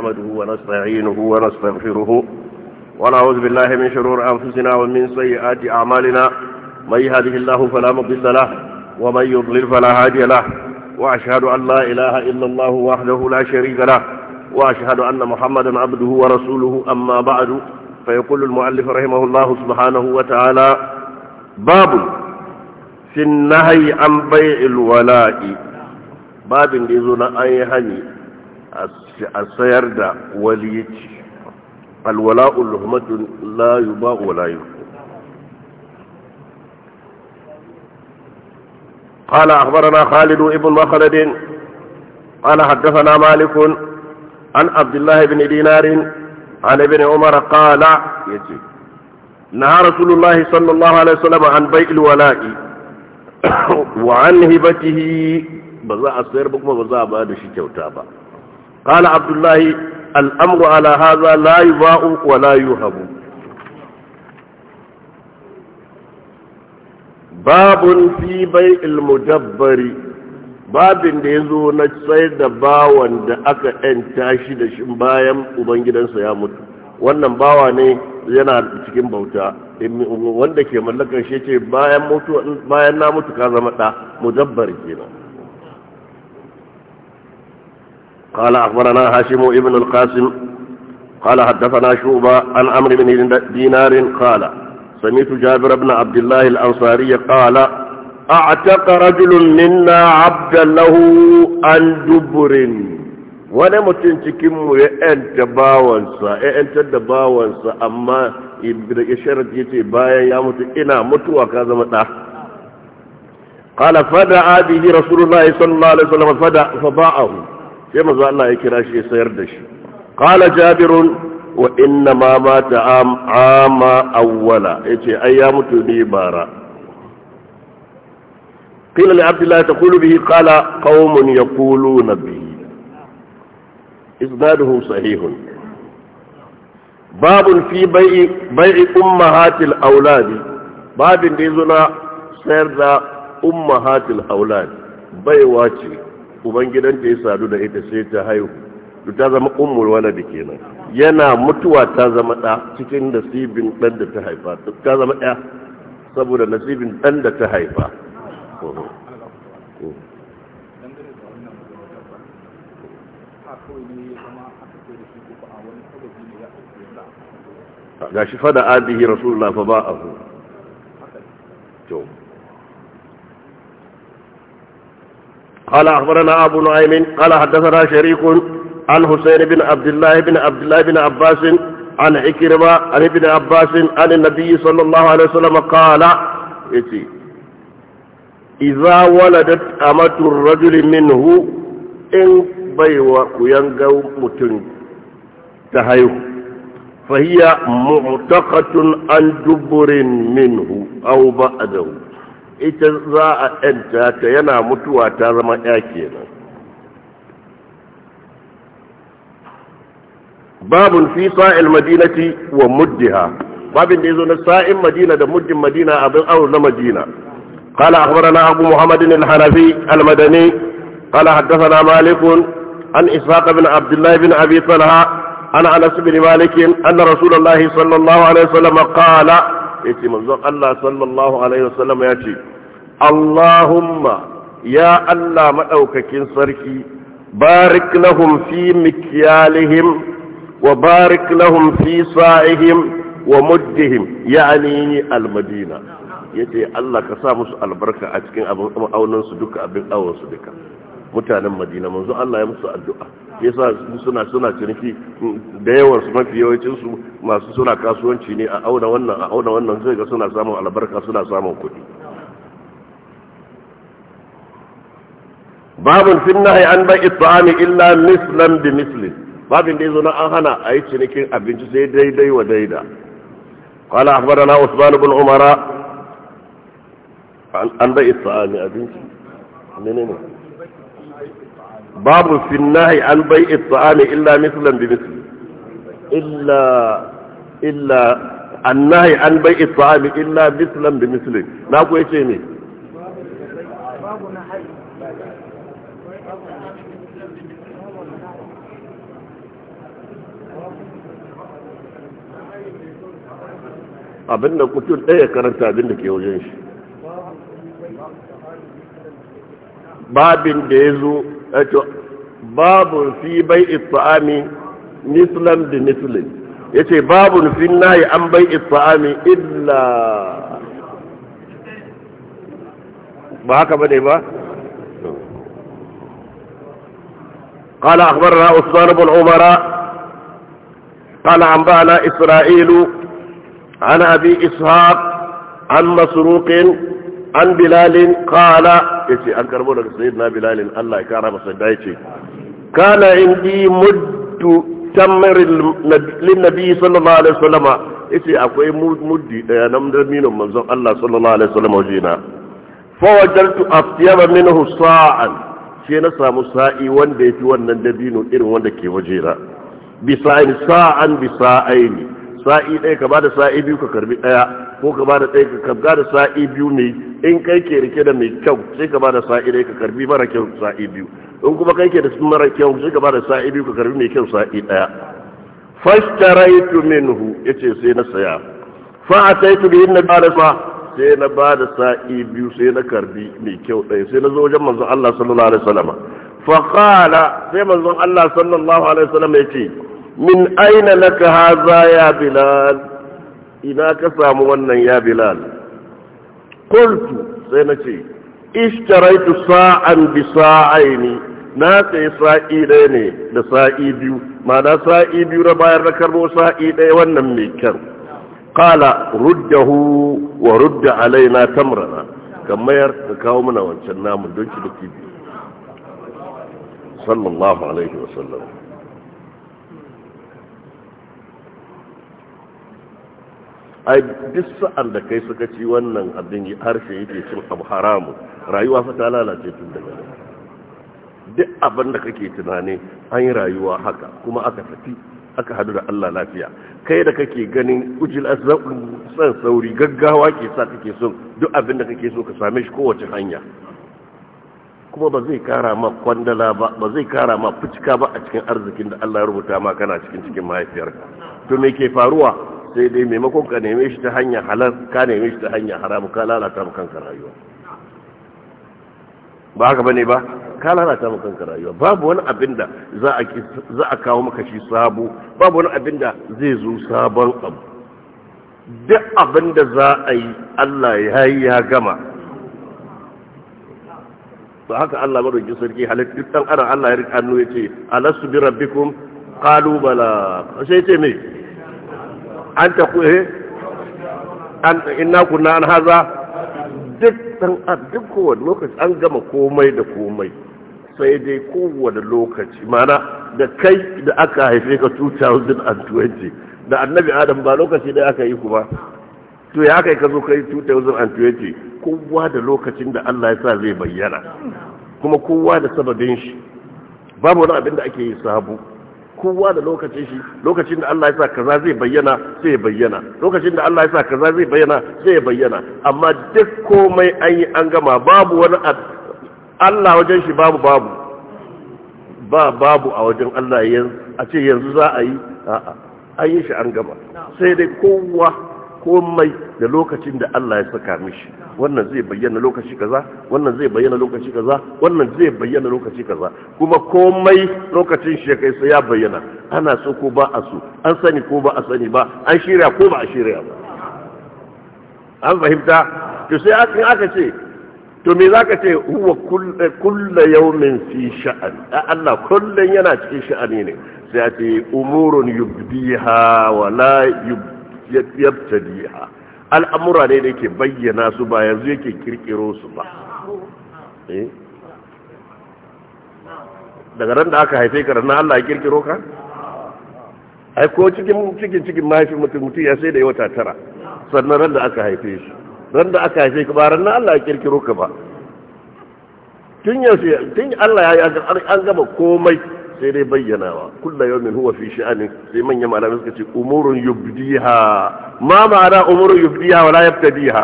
نحمده ونستعينه ونستغفره ونعوذ بالله من شرور أنفسنا ومن سيئات أعمالنا من يهده الله فلا مضل له ومن يضلل فلا هادي له وأشهد أن لا إله إلا الله وحده لا شريك له وأشهد أن محمدا عبده ورسوله أما بعد فيقول المؤلف رحمه الله سبحانه وتعالى باب في النهي عن بيع الولاء باب يزن أي هني a sayar da waliyaci alwala'ul luhmatun la yuba'u wa la yufu قال أخبرنا خالد ابن مخلد قال حدثنا مالك عن عبد الله بن دينار عن ابن عمر قال يجي نهى رسول الله صلى الله عليه وسلم عن بيع الولاء وعن هبته بزاء السير بكم بزاء بعد شيء كوتابا قال عبد الله الأمر على هذا لا يباع ولا يهب باب في بيع المدبر babin da ya zo na sai da bawan da aka ‘yanta shi da shi bayan ubangidansa ya mutu wannan bawa ne yana cikin bauta wanda ke mallakar shi ce bayan na mutu ka zama ɗa mudabbari kenan قال أخبرنا هاشم ابن القاسم قال حدثنا شوبا عن أمر بن دينار قال سمعت جابر بن عبد الله الأنصاري قال أعتق رجل منا عبدا له عن جبر وانا متنتكم وانت باوانسا انت باوانسا إيه اما يشرت جيتي بايا يا مت انا متوا كذا متى آه. قال فدعا به رسول الله صلى الله عليه وسلم فدعا فباعه sai manzo Allah ya kira shi ya sayar da shi qala jabirun wa inna ma mata ama awwala yace ai ya mutu ne bara qila li abdullah taqulu bihi qala qaumun yaquluna bihi isnaduhu sahihun babun fi bai'i bai'i ummahatil auladi babin da yazo na sayar da ummahatil auladi baiwa ce ubangidanta ya sadu da ita sai ta haihu to ta zama ummul waladi kenan yana mutuwa ta zama da cikin nasibin ɗan da ta haifa ta zama ɗaya saboda nasibin ɗan da ta haifa ga shi fada adihi rasulullah fa ba'ahu قال أخبرنا أبو نعيم قال حدثنا شريك عن حسين بن عبد الله بن عبد الله بن عباس عن عكرمة عن ابن عباس عن النبي صلى الله عليه وسلم قال إذا ولدت أمة الرجل منه إن بيوى كينغو متن تهيو فهي معتقة عن جبر منه أو بعده ita za a ‘yanta ta yana mutuwa ta zama ‘ya kenan. babun fi sa'il madinati wa muddiha babin da ya zo na sa'in madina da muddin madina abin aure na madina قال أخبرنا أبو محمد الحنفي المدني قال حدثنا مالك عن إسحاق an عبد الله بن أبي Abi Talha, أنس بن مالك أن رسول الله صلى الله عليه وسلم قال yace manzon Allah sallallahu alaihi wasallam ya ce Allahumma ya Allah madaukakin sarki barik lahum fi mikyalihim wa barik lahum fi sa'ihim wa muddihim yani almadina ya yace Allah ka sa musu albarka a cikin abin aunan su duka abin awon su duka mutanen Madina manzo Allah ya musu addu'a yasa suna suna ciniki da yawan su mafi yawancin su masu suna kasuwanci ne a auna wannan a auna wannan zai ga suna samun albarka suna samun kuɗi babin fi nahi an bai it'ami illa mislan bi mislin babin da yazo na an hana a yi cinikin abinci sai daidai wa daida قال أخبرنا عثمان بن عمر an بيع الطعام أبنتي منين babu finnahi an bai بيع illa mislan bi misli illa illa annahi an bai الطعام illa مثلا bi misli na ku yace ne da ɗaya karanta abin da ke wajen shi babin da ya zo باب في بيع الطعام مثلا بمثل يتي باب في الناي عن بيع الطعام إلا ما هكا بدي با قال أخبرنا أصدار بن عمر قال عن إسرائيل عن أبي إسحاق عن مسروق عن بلال قال yace an karbo daga sayyidina bilal Allah ya kara masa da ce kana indi muddu tamril linnabi sallallahu alaihi wasallam yace akwai muddi daya nan da minon manzon Allah sallallahu alaihi wasallam wajina fa wajaltu atyaba minhu sa'an sai na samu sa'i wanda yafi wannan dabino irin wanda ke wajera bi sa'in sa'an bi sa'aini sa'i ɗaya ka bada sa'i biyu ka karbi ɗaya ko ka bada ɗaya ka da sa'i biyu mai in kai ke rike da mai kyau sai ka bada sa'i ɗaya ka karbi mara kyau sa'i biyu in kuma kai ke da mara kyau sai ka bada sa'i biyu ka karbi mai kyau sa'i ɗaya fashtaraitu minhu yace sai na saya fa ataitu bi inna ba'da sai na ba da sa'i biyu sai na karbi mai kyau ɗaya sai na zo wajen manzon Allah sallallahu alaihi wasallam fa qala sai manzon Allah sallallahu alaihi wasallam ya ce min aina laka haza ya bilal ina ka samu wannan ya bilal qultu sai na ce ishtaraitu sa'an bi sa'aini na sayi sa'i ɗaya ne da sa'i biyu ma'ana sa'i biyu na bayar na karbo sa'i ɗaya wannan mai kyau kala ruddahu wa rudda alaina tamrana mayar ka kawo mana wancan namun don ki sallallahu alaihi wasallam ai duk sa'an da kai suka ci wannan abin harshe yake cin abu haramu rayuwa fa ta lalace tun daga nan duk abin da kake tunani an yi rayuwa haka kuma aka tafi aka hadu da Allah lafiya kai da kake ganin ujil azabun san sauri gaggawa ke sa kake so duk abin da kake so ka same shi kowace hanya kuma ba zai kara ma kwandala ba ba zai kara ma fucika ba a cikin arzikin da Allah ya rubuta ma kana cikin cikin mahaifiyarka to me ke faruwa sai dai maimakon ka neme shi ta hanyar halal ka neme shi ta hanyar haram ka lalata mu kanka rayuwa ba haka bane ba ka lalata mu kanka rayuwa babu wani abin da za a za a kawo maka shi sabo babu wani abin da zai zo sabon abu duk abin da za a yi Allah ya yi ya gama ba haka Allah madaukakin sarki halittu dan ara Allah ya rika hannu yace alastu bi rabbikum qalu bala sai ce me an ta kuhe eh? inna kunna an haza duk dan duk kowane lokaci an gama komai da komai sai dai kowane lokaci mana da kai da aka haife ka 2020 da annabi adam ba lokaci da aka yi kuma to ya kai ka zo kai 2020 kowa da lokacin da Allah ya sa zai bayyana kuma kowa da sababin shi babu wani abin da ake yi sabu kowa da lokacin shi lokacin da Allah ya sa kaza zai bayyana sai ya bayyana lokacin da Allah ya sa kaza zai bayyana sai ya bayyana amma duk komai an yi an gama babu wani Allah wajen shi babu babu ba babu a wajen Allah yanzu a ce yanzu za a yi a'a an yi shi an gama sai dai kowa komai da lokacin da Allah ya saka mishi wannan zai bayyana lokaci kaza wannan zai bayyana lokaci kaza wannan zai bayyana lokaci kaza kuma komai lokacin shi kai sai ya bayyana ana so ko ba a so an sani ko ba a sani ba an shirya ko ba a shirya ba an fahimta to sai akin aka ce to me zaka ce huwa eh, kullu yawmin fi sha'an eh, Allah kullun yana cikin sha'ani ne sai a ce umurun yubdiha wa la yubdiha yabtadiha al'amura ne da yake bayyana su ba yanzu yake kirkiro su ba eh? daga ran da aka haife ka ranar Allah ya kirkiro ka ai ko cikin cikin cikin mahaifin mutum mutum ya sai da yawa tara sannan ran da aka haife shi ran da aka haife ka ba ranar Allah ya kirkiro ka ba tun yaushe tun Allah ya yi an gama komai sai dai bayyanawa kulla yau min huwa fi sha'ani sai manyan malamai suka ce umurun yubdiha ma ma'ana umurun yubdiha wala yabtadiha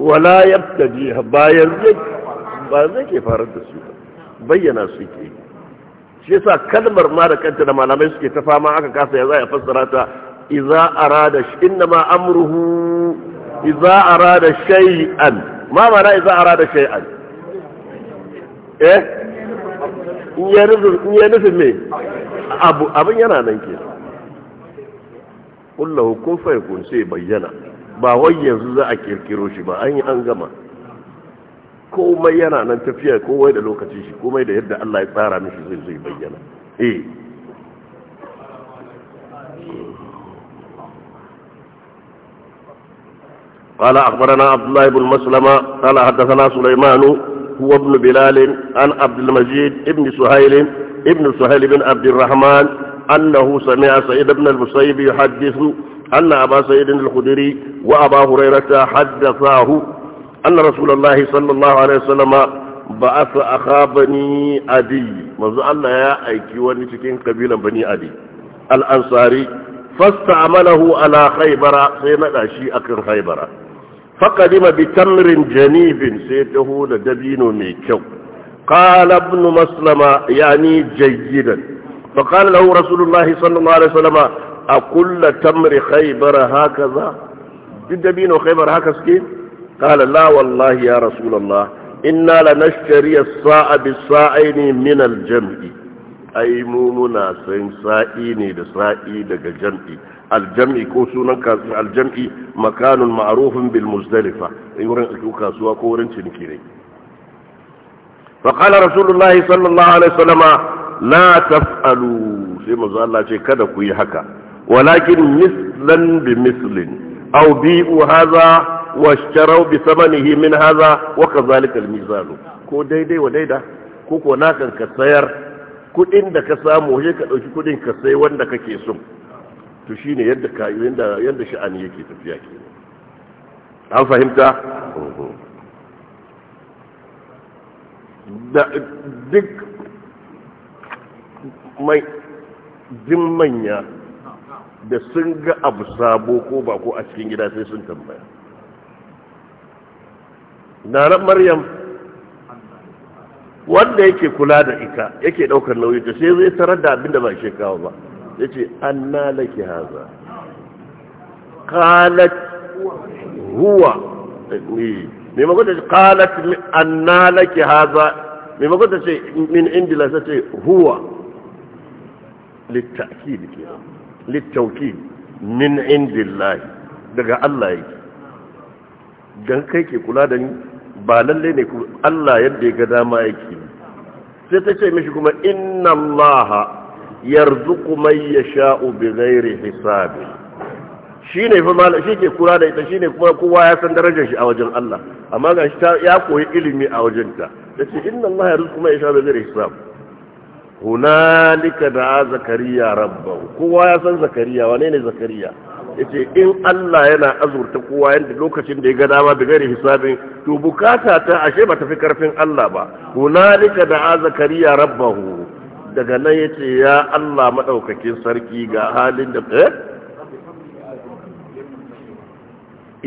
wala yabtadiha bayan zai ba zai ke farar da su bayyana su ke shi yasa kalmar ma da kanta da malamai suke ta fama aka kasa ya za a fassara ta idza arada innama amruhu idza arada shay'an ma ma'ana idza arada shay'an eh in ya nufin me abu abin yana nan ke kullahu kun fa sai bayyana ba wai yanzu za a kirkiro shi ba an yi an gama komai yana nan tafiya komai da lokacin shi komai da yadda Allah ya tsara mishi zai zai bayyana eh قال أخبرنا عبد الله بن مسلمة قال حدثنا سليمان هو ابن بلال عن عبد المجيد ابن سهيل ابن سهيل بن عبد الرحمن أنه سمع سيد بن المسيب يحدث أن أبا سيد الخدري وأبا هريرة حدثاه أن رسول الله صلى الله عليه وسلم بعث أخا بني أدي منذ الله يا أيكي ونشكين قبيلا بني أدي الأنصاري فاستعمله على خيبر سينا شيء أكن خيبر فقدم بتمر جنيف سيته لدبين ميكو قال ابن مسلمة يعني جيدا فقال له رسول الله صلى الله عليه وسلم أكل تمر خيبر هكذا الدبين خيبر هكذا سكين قال لا والله يا رسول الله إنا لنشتري الصاء بالصاعين من الجمع أي مومنا سنسائيني سائيني لسائي لك جمعي aljam'i ko sunan aljam'i makanun ma'arufin bil muzdalifa wurin kasuwa ko wurin ciniki ne faƙalar rasulullahi sallallahu alaihi wasallama la taf'alu sai manzo Allah ce kada ku yi haka walakin mislan bi mislin aw bi'u hadha washtarau bi samanihi min hadha wa kadhalika al-mizan ko daidai wa daida ko ko nakan ka sayar kudin da ka samu sai ka dauki kudin ka sai wanda kake so to shine yadda kayi yadda sha'ani yake tafiya ke an fahimta da duk mai jin manya da sun ga abu sabo ko ba ko a cikin gida sai sun tambaya nanar maryam wanda yake kula da ita yake daukar nauyi ta sai zai tarar da abinda ba shi kawo ba ya ce an haza kalat huwa maimakon ta ce kalat an nalaki haza maimakon ta ce min indila ta ce huwa littakid ke littauki min indillahi daga Allah yake don kai ke kula da ni ba lalle ne Allah yadda ya ga dama yake sai ta ce mishi kuma inna allaha yarzuqu man yasha'u bighairi hisabi shine fa malam ke kura da ita shine kuma kowa ya san darajar shi a wajen Allah amma ga shi ya koyi ilimi a wajen ta yace inna Allah yarzuqu man yasha'u bighairi hisab hunalika da zakariya rabbahu kowa ya san zakariya wane ne zakariya yace in Allah yana azurta kowa yanda lokacin da ya ga dama da gari hisabin to bukata ta ashe ba ta fi karfin Allah ba hunalika da zakariya rabbahu daga nan ya ce ya Allah maɗaukakin sarki ga halin da eh?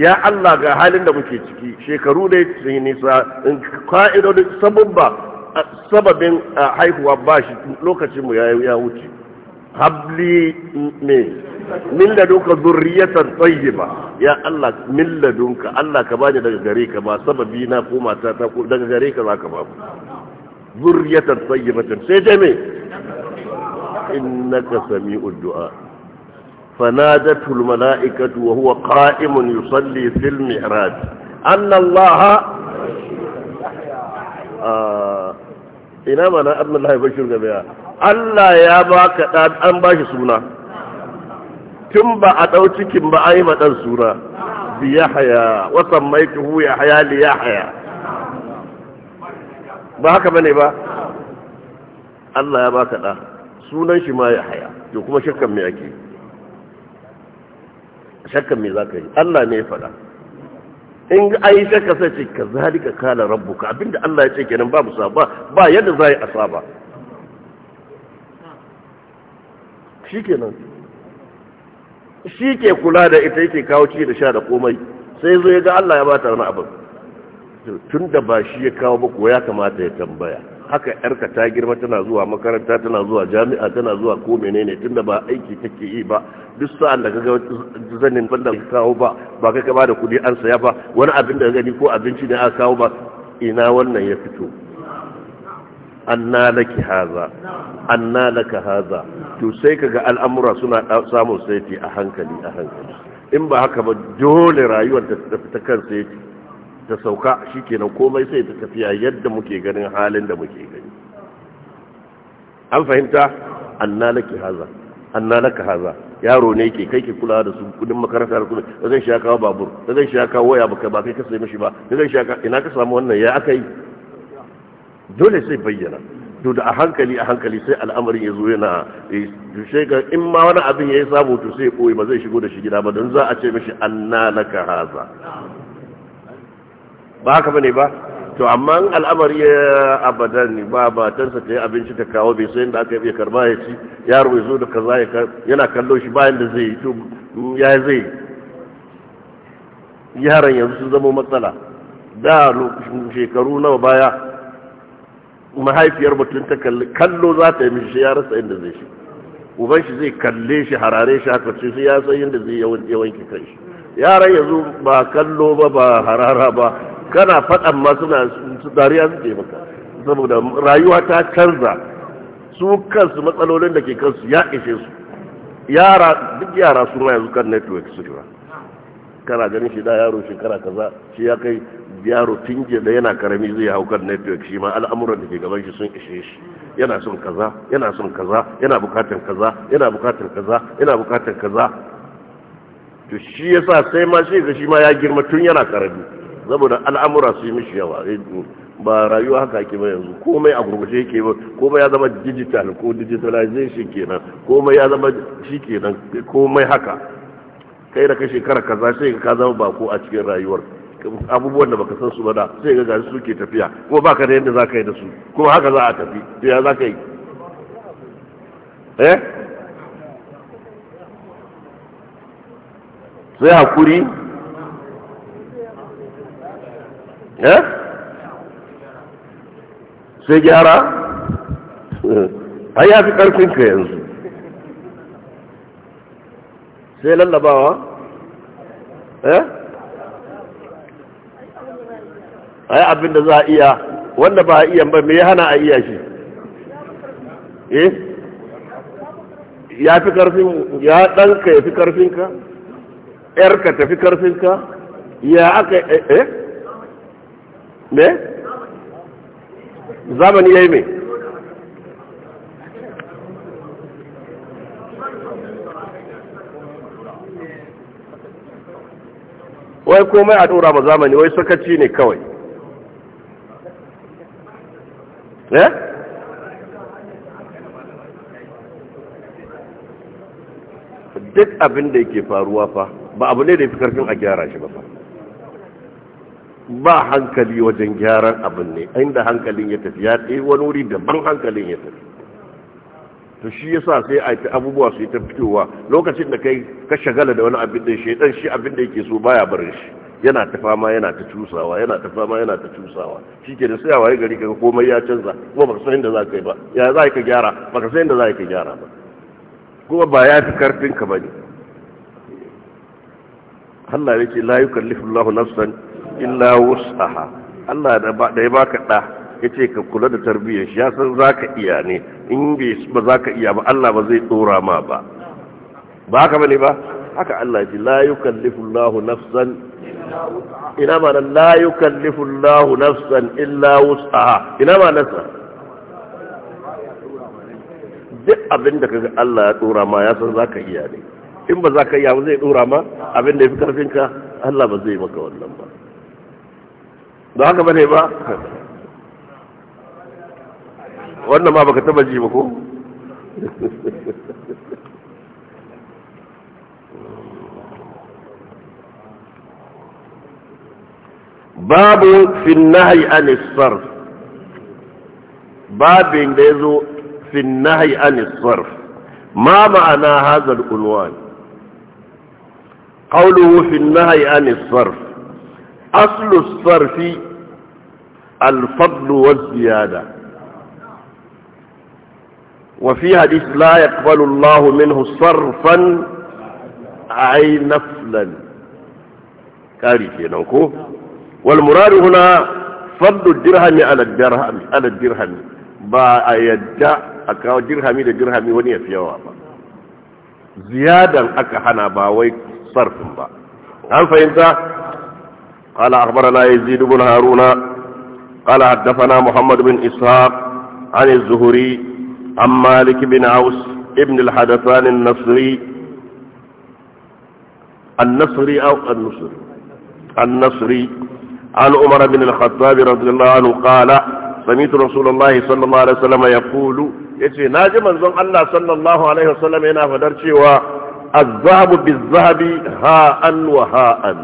ya Allah ga halin da muke ciki shekaru dai sun nisa in ka'idodin sababba sababin haihuwa ba shi lokacinmu ya wuce habli ne min ladunka zurriyatan tayyiba ya Allah min duka Allah ka bani daga gare ka ba sababi na ko mata ta ko daga gare ka za ka ba zurriyatan tayyibatan sai dai mai. إنك سميع الدعاء فنادته الملائكة وهو قائم يصلي في المعراج أن الله آه، إنما أن الله يبشرك بها ألا يا باك أن باش سنة كم بأدوت كم بأيمة السورة بيحيا وسميته لي ليحيا ما هكذا بني با الله يا باك أن أه. sunan shi ma ya haya to kuma shakkan me ake shakkan me za ka yi Allah ne ya faɗa in ai shakka sai ce ka zalika kala rabbuka abinda Allah ya ce kenan babu saba ba yadda za a yi asaba shikenan shi ke kula da ita yake kawo ci da sha da komai sai zo ya ga Allah ya bata wani abin tun da ba shi ya kawo ba ko ya kamata ya tambaya haka yarka ta girma tana zuwa makaranta tana zuwa jami'a tana zuwa ko menene tunda ba aiki take yi ba duk sa'an da kaga zanin banda kawo ba ba kai ka bada kudi an saya ba wani abin da gani ko abinci ne aka kawo ba ina wannan ya fito anna laki haza anna laka haza to sai kaga al'amura suna samun saiti a hankali a hankali in ba haka ba dole rayuwar ta tafi ta kan saiti ta sauka shi nan komai sai ta tafiya yadda muke ganin halin da muke gani an fahimta anna laki haza haza yaro ne ke kai ke kula da su kudin makaranta da kudin zan shi kawo babur zan shi kawo waya baka ba kai ka sai mashi ba da shi ka ina ka samu wannan ya aka yi dole sai bayyana to da a hankali a hankali sai al'amarin ya zo yana eh, dushe ga in ma wani abin ya yi samu to sai ya koyi ba zai shigo da shi gida ba don za a ce mashi anna laka haza ba haka bane ba to amma al'amari ya abadan ne ba matarsa ta yi abinci ta kawo bai sai inda aka yi karba ya ci yaro ya zo da kaza ya yana kallo shi bayan da zai yi to ya zai yaran yanzu sun zama matsala da shekaru nawa baya mahaifiyar mutum ta kallo za ta yi mishi ya rasa inda zai shi uban shi zai kalle shi harare shi haka ce sai ya san inda zai yawanke kai shi yaran yanzu ba kallo ba ba harara ba kana faɗan ma suna dariya suke maka saboda rayuwa ta canza su kansu matsalolin da ke kansu ya ishe su yara duk yara sun yanzu kan network su kira kana ganin shi da yaro shekara kaza shi ya kai yaro tinje da yana karami zai hau kan network shi ma al'amuran da ke gaban shi sun ishe shi yana son kaza yana son kaza yana bukatar kaza yana bukatar kaza yana bukatar kaza to shi yasa sai ma shi ga shi ma ya girma tun yana karami saboda al'amura su yi mishi yawa eh, ba rayuwa haka ke ba yanzu komai a gurgushe yake ba komai ya zama digital ko digitalization kenan komai ya zama shi kenan komai haka kai da kai shekara kaza sai ka zama bako a cikin rayuwar abubuwan da baka san su ba da sai ga gasu suke tafiya kuma baka da yadda zaka yi da su kuma haka za a tafi to ya zaka yi eh sai hakuri eh sai gyara ai ya fi ƙarfinka yanzu sai lallabawa eh ai abinda za a iya wanda ba a iya ba me hana a iya shi eh ya fi karfin ya ɗanka ya fi karfinka ƴarka ta fi karfinka ya aka eh, eh? ne zamani ya yi mai wai komai a ɗora ba zamani wai sakaci ne kawai ne eh? duk abin da yake faruwa fa ba abu ne da ya fi karfin a gyara shi ba fa ba hankali wajen gyaran abin ne inda hankalin ya tafi ya ɗaya wani wuri daban hankalin ya tafi to shi yasa sai a yi abubuwa su yi ta fitowa lokacin da kai ka shagala da wani abin da shi dan shi abin da yake so baya barin shi yana ta fama yana ta cusawa yana ta fama yana ta cusawa shike da sai a waye gari kaga komai ya canza kuma baka san inda za ka yi ba ya za ka gyara baka san inda za ka gyara ba kuma ba ya fi karfin ka bane Allah ya ce la yukallifu Allahu nafsan illa wus'aha Allah da ya baka da yace ka kula da tarbiyyar shi ya san zaka iya ne in ba zaka iya ba Allah ba zai dora ma ba ba haka bane ba haka Allah ji la yukallifu Allah nafsan ina ma nan la yukallifu Allah nafsan illa wus'aha ina ma nasa? duk abin da kaga Allah ya dora ma ya san zaka iya ne in ba za ka iya ba zai dora ma abin da ya fi karfinka Allah ba zai maka wannan ba ba haka bane ba wannan ma baka taba ji ba ko babu fin nahyi anis sarf babin da yazo fin nahyi anis sarf ma ma'ana hadha al-unwan qawluhu fin nahyi anis sarf aslu sarfi الفضل والزيادة وفي حديث لا يقبل الله منه صرفا أي نفلا كارثي نوكو والمراد هنا فضل الدرهم على الدرهم على الدرهم با يدع درهم الى درهم وني في يوابا زيادا حنا باوي صرف با هل فإنت قال أخبرنا يزيد بن هارون قال حدثنا محمد بن إسحاق عن الزهري عن مالك بن عوس ابن الحدثان النصري النصري أو النصري النصري عن عمر بن الخطاب رضي الله عنه قال سمعت رسول الله صلى الله عليه وسلم يقول يتي ناجي منزون الله صلى الله عليه وسلم هنا فدرشي الذهب بالذهب هاء وهاء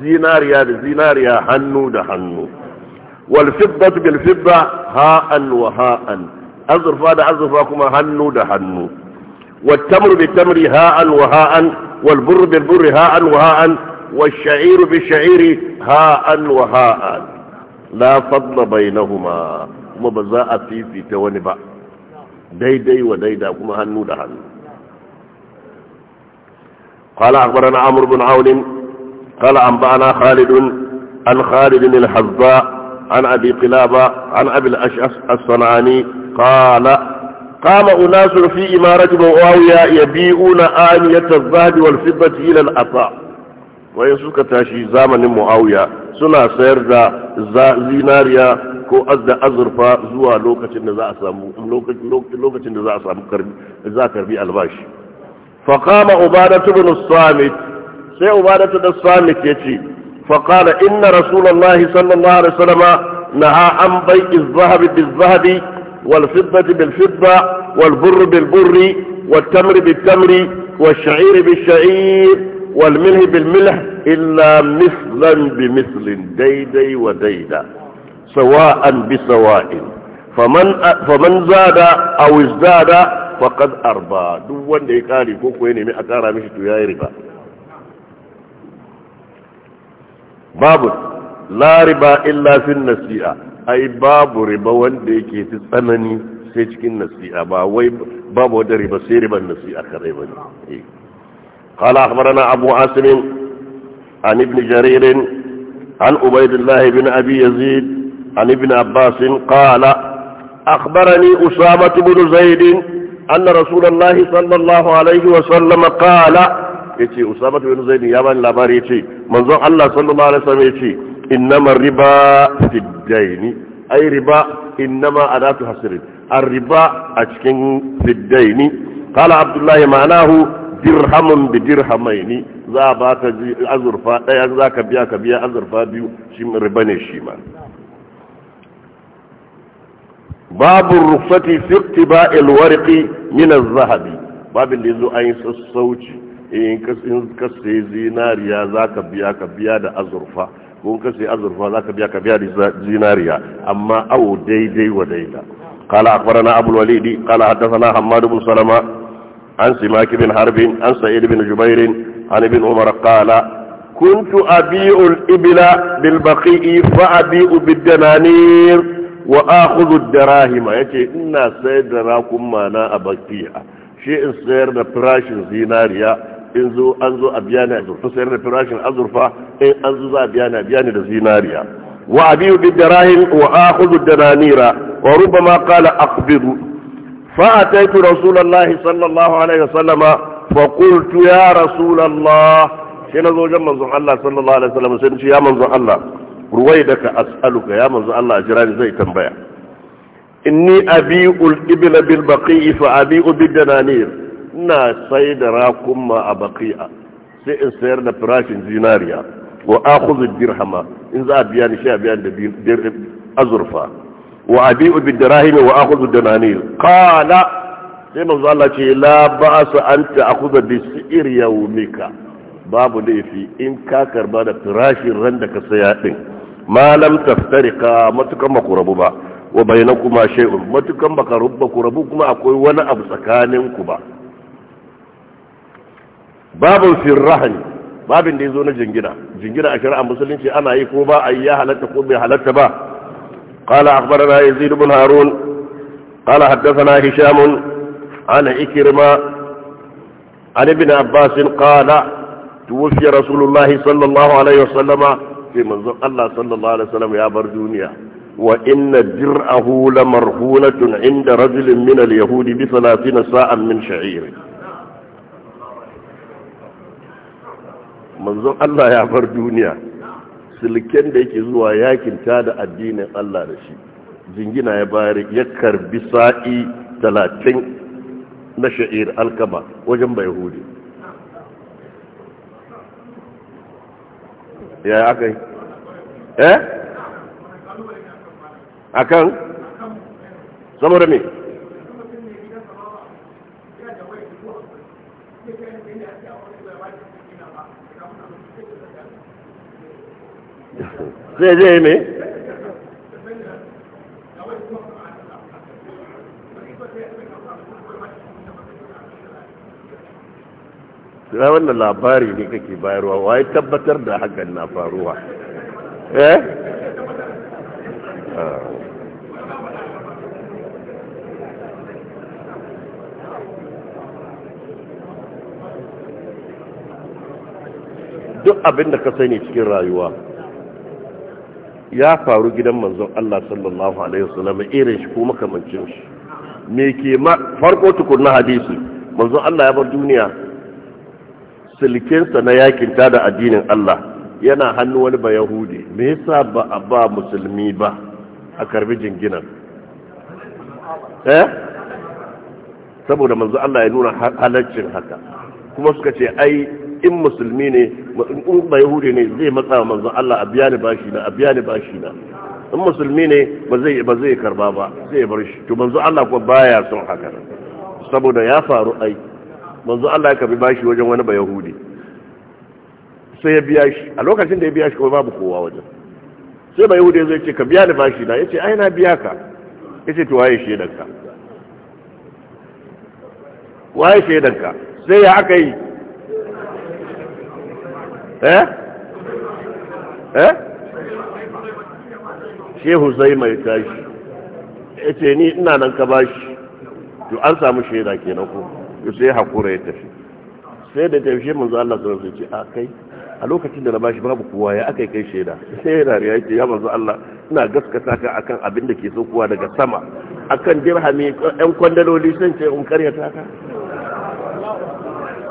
زيناريا بزيناريا حنو دحنو والفضة بالفضة هاء وهاء أزرفا دا أزرفا كما هنو دا هنو والتمر بالتمر هاء وهاء والبر بالبر هاء وهاء والشعير بالشعير هاء وهاء لا فضل بينهما مبزاء في في تونبا دي دي ودي دا wa هنو kuma قال أخبرنا عمرو بن عون قال أنبأنا خالد عن خالد الحذاء عن أبي قلابة عن أبي الأشعث الصنعاني قال قام أناس في إمارة معاوية يبيعون آنية الذهب والفضة إلى الأطاء ويسوك تاشي زمن معاوية سنة سير زيناريا كو da أزرفا zuwa lokacin النزاع za a samu lokacin da za a samu karbi za karbi albashi fa qama ubadatu فقال إن رسول الله صلى الله عليه وسلم نهى عن بيع الذهب بالذهب والفضة بالفضة والبر بالبر والتمر بالتمر والشعير بالشعير والملح بالملح إلا مثلا بمثل ديدي وديدا سواء بسواء فمن فمن زاد أو ازداد فقد أربى دو وان دي قالي كوكو ينمي أكارا مشتو يا ربا باب لا ربا الا في النسيئه اي باب ربا وانده yake ti tsanani sai cikin nasiha ba wai babu wadda riba sai riba قال اخبرنا ابو عاصم عن ابن جرير عن عبيد الله بن ابي يزيد عن ابن عباس قال اخبرني اسامه بن زيد ان رسول الله صلى الله عليه وسلم قال yace usama bin zaid ya bani labari ya yace manzon Allah sallallahu alaihi wasallam yace innamar riba fid daini ai riba innama adatu hasrin ar-riba a cikin fid daini qala abdullahi ma'anahu dirhamun bi dirhamaini za ba ka azurfa daya za ka biya ka biya azurfa biyu shi riba ne shi ma babu rufati fi iktiba'il warqi min az-zahabi babin da yazo an yi sassauci in ka zinariya za ka biya ka biya da azurfa ko ka sai azurfa za ka biya ka biya da zinariya amma awo daidai wa daida قال أخبرنا أبو الوليد قال حدثنا حماد بن سلمة عن سماك بن حرب عن سعيد بن جبير عن ابن عمر قال كنت أبيع الإبل بالبقيء فأبيع بالدنانير وآخذ الدراهم يعني إنا سيدنا كمانا أنا أبقيها shi in sayar da farashin in zo an zo a biya ni da firashin azurfa in an zo za abiyana biya da zinariya wa abiyu bi dirahim wa akhudhu dinanira wa rubama qala aqbidu fa ataytu rasulullahi sallallahu alaihi wasallama fa qultu ya rasulullah sai zo jan manzon Allah sallallahu alaihi wasallam sai ce ya manzon Allah ruwai as'aluka ya manzon Allah a jira ni zai tambaya inni al ibla bil baqi fa abi'u bid dinanira ina sai da ma a baqi'a sai in sayar da farashin zinariya wa akhudhu dirhama in za a biya ni sha biya da azurfa wa abi'u bidirahim wa akhudhu dananil qala sai manzo Allah ce la ba'sa an ta'khudha bi si'r yawmika babu laifi in ka karba da farashin ran da ka saya din malam lam taftarika matukan makurabu ba wa bainakuma shay'un matukan baka rubba kurabu kuma akwai wani abu tsakaninku ba باب في الرهن باب اللي زو نجن جنا جن جنا اشرع انا اي كوبا لا حالته بها لا با قال اخبرنا يزيد بن هارون قال حدثنا هشام عن إكرمة عن ابن عباس قال توفي رسول الله صلى الله عليه وسلم في منزل الله صلى الله عليه وسلم يا بردونيا وإن درعه لمرهونة عند رجل من اليهود بثلاثين ساء من شعيره manzon Allah ya bar duniya silken da yake zuwa yakin da addinin Allah da shi jingina ya bayar ya karbi sa'i talatin na sha'ir alkaba wajen bai hudu ya aka yi eh akan saboda me zai zai mai na wannan labari ne kake bayarwa waye tabbatar da hakan na faruwa eh duk abin da ka sani cikin rayuwa ya faru gidan manzon Allah sallallahu alaihi wasallam irin shi ko makamancin shi me ke ma farko tukunna hadisi manzon Allah ya bar duniya silkensa na yakin ta da addinin Allah yana hannu wani ba yahudi me yasa ba a ba musulmi ba a karbi jinginan eh saboda manzon Allah ya nuna halaccin haka kuma suka ce ai in musulmi ne in ba yahudi ne zai matsa manzon Allah a biya ni bashi na a biya ni bashi na in musulmi ne ba zai ba zai karba ba zai bar shi to manzon Allah ko baya son haka saboda ya faru ai manzon Allah ya karbi bashi wajen wani ba yahudi sai ya biya shi a lokacin da ya biya shi kuma babu kowa wajen sai ba yahudi zai ce ka biya ni bashi na yace ai na biya ka yace to waye shedanka waye shedanka sai ya aka yi eh eh shehu zai mai tashi ya ce ni ina nan ka bashi to an samu shaida kenan ko sai hakura ya tafi sai da tafi manzo Allah sallallahu Allah ya ce a kai a lokacin da na bashi babu kowa ya aka kai shaida sai yana riya yake ya manzo Allah ina gaskata ka akan abin da ke so kowa daga sama akan dirhami yan kwandaloli sun ce in karyata ka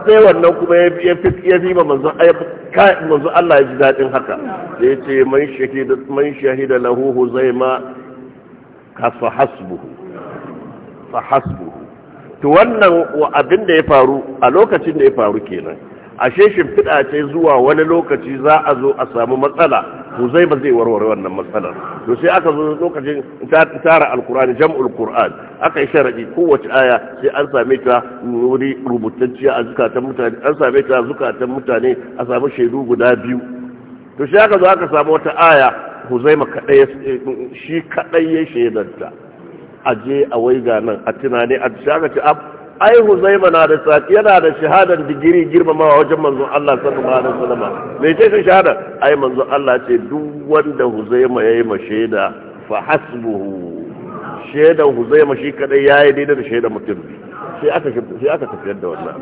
sai wannan kuma ya fi ya fi ma manzo Allah ya ji daɗin haka da ce man shahida man shahida lahu huzaima ka fa hasbuhu fa hasbuhu to wannan abin da ya faru a lokacin da ya faru kenan ashe shimfiɗa ce zuwa wani lokaci za a zo a samu matsala to zai ba zai warware wannan matsalar to sai aka zo lokacin tara alkur'ani jam'ul qur'an aka yi sharadi kowace aya sai an same ta wuri rubutacciya a zukatan mutane an same ta zukatan mutane a samu shaidu guda biyu to sai aka zo aka samu wata aya huzaima kadai shi kadai ya shaidanta a je a waiga nan a tunani a shaka ci ai huzaima na da sati yana da shahadar digiri girmamawa wajen manzon Allah sallallahu alaihi wasallam me ce shi shahada ai manzon Allah ce duk wanda huzaima yayi ma shaida fa hasbuhu shaidan huzaima shi kadai yayi daidai da shaidan mutum sai aka sai aka tafiyar da wannan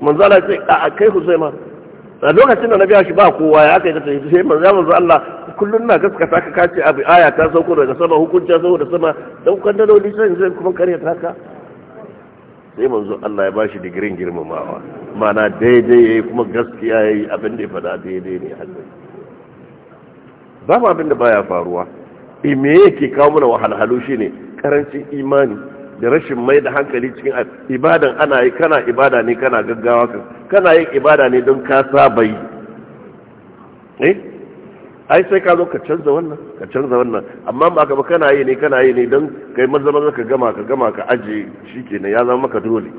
manzon Allah ce a kai huzaima a lokacin da na biya shi ba kowa ya aka yi ta sai manzon Allah kullum na gaskata ka kace abu aya ta sauko daga sama hukunci ta sauko da sama dan kan daloli sai zai kuma kare ta haka sai manzo Allah ya bashi digirin girmamawa mana daidai yayi kuma gaskiya yayi abin da ya faɗa daidai ne Allah ba ma abin da baya faruwa e me yake kawo mana wahalhalu shine karancin imani da rashin mai da hankali cikin ibadan ana yi kana ibada ne kana gaggawa kana yin ibada ne don ka saba yi eh ai sai ka zo ka canza wannan ka canza wannan amma ba ka ba kana yi ne kana yi ne don kai maza maza ka gama ka gama ka aje shikenan ya zama maka dole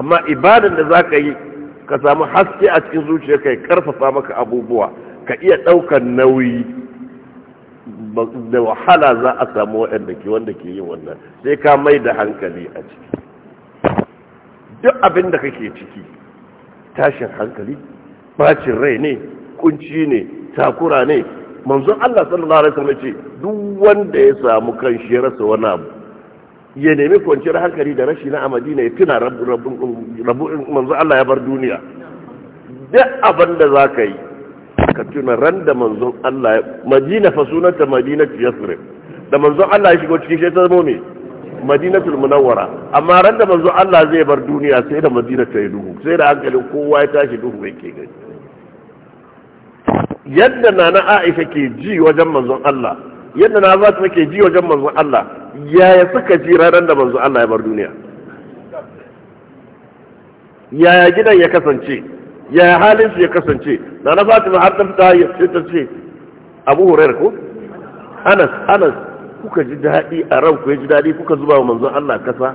amma ibadan da ka yi ka samu haske a cikin zuciya kai karfafa maka abubuwa ka iya daukan nauyi da wahala za a samu waɗanda ke wanda ke yin wannan sai ka mai da hankali a ciki duk abin da kake ciki tashin hankali bacin rai ne kunci ne takura ne manzon Allah sallallahu alaihi wasallam ce duk wanda ya samu kan shi rasa wani abu ya nemi kwanciyar hankali da rashi na a Madina ya tuna rabu manzon Allah ya bar duniya duk abin da za ka yi ka tuna ran da manzon Allah Madina fa sunanta Madinatu Yathrib da manzon Allah ya shigo cikin shi ta zama me Madinatul Munawwara amma ran da manzon Allah zai bar duniya sai da Madina ta yi duhu sai da hankalin kowa ya tashi duhu yake gani yadda na na aisha ke ji wajen manzon Allah yadda na za ta ke ji wajen manzon Allah yaya suka ji ranar da manzon Allah ya bar duniya yaya gidan ya kasance yaya halin su ya kasance na na fatima har ta fita ya ce ta ce abu hurairu ko anas anas kuka ji daɗi a ran ku ji daɗi kuka zuba wa manzon Allah kasa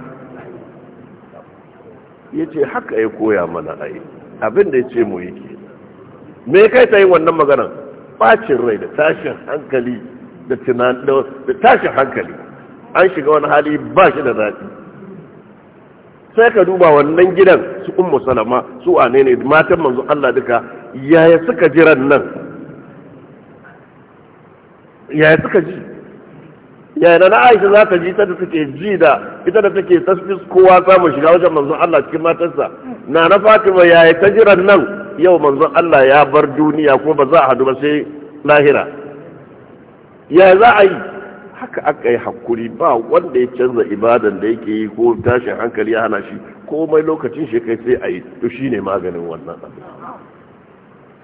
ya ce haka ya koya mana ai abin da ya ce mu yake me kai ta yin wannan maganan bacin rai da tashin hankali da tunanin da tashin hankali an shiga wani hali ba shi da zafi. sai ka duba wannan gidan su ummu salama su ane ne matan manzo Allah duka yaya suka jiran nan yaya suka ji yaya na aisha za ta ji ta da take ji da ita da take tasfis kowa samun shiga wajen manzo Allah cikin matarsa na na fatima yaya ta jiran nan yau manzon Allah ya bar duniya kuma ba za a hadu ba sai lahira ya za a yi haka aka yi hakuri ba wanda ya canza ibadan da yake yi ko tashin hankali ya hana shi komai lokacin shi kai sai a yi to shi ne maganin wannan abu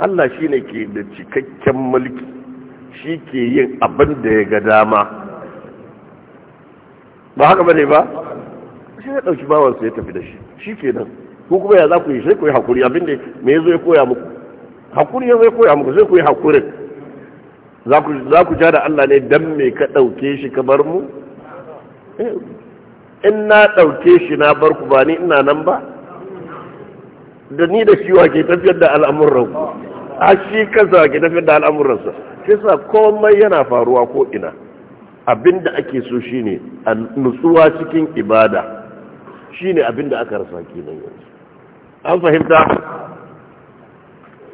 Allah ne ke da cikakken mulki shi ke yin abin da ya ga dama ba haka bane ba shi ya dauki bawansa ya tafi da shi shi ke nan. ko kuma ya za ku yi sai ku yi hakuri abin da me yazo ya koya muku hakuri yazo ya koya muku sai ku yi hakuri za ku ja da Allah ne dan me ka dauke shi ka bar mu eh, in na dauke shi na bar ku ba ni ina nan ba da ni da shiwa ke tafiyar da al'amuran ku a shi kansa ke tafiyar da al'amuransa shi sa komai yana faruwa ko ina Abin da ake so shine nutsuwa cikin ibada shine abin da aka rasa kenan yanzu an fahimta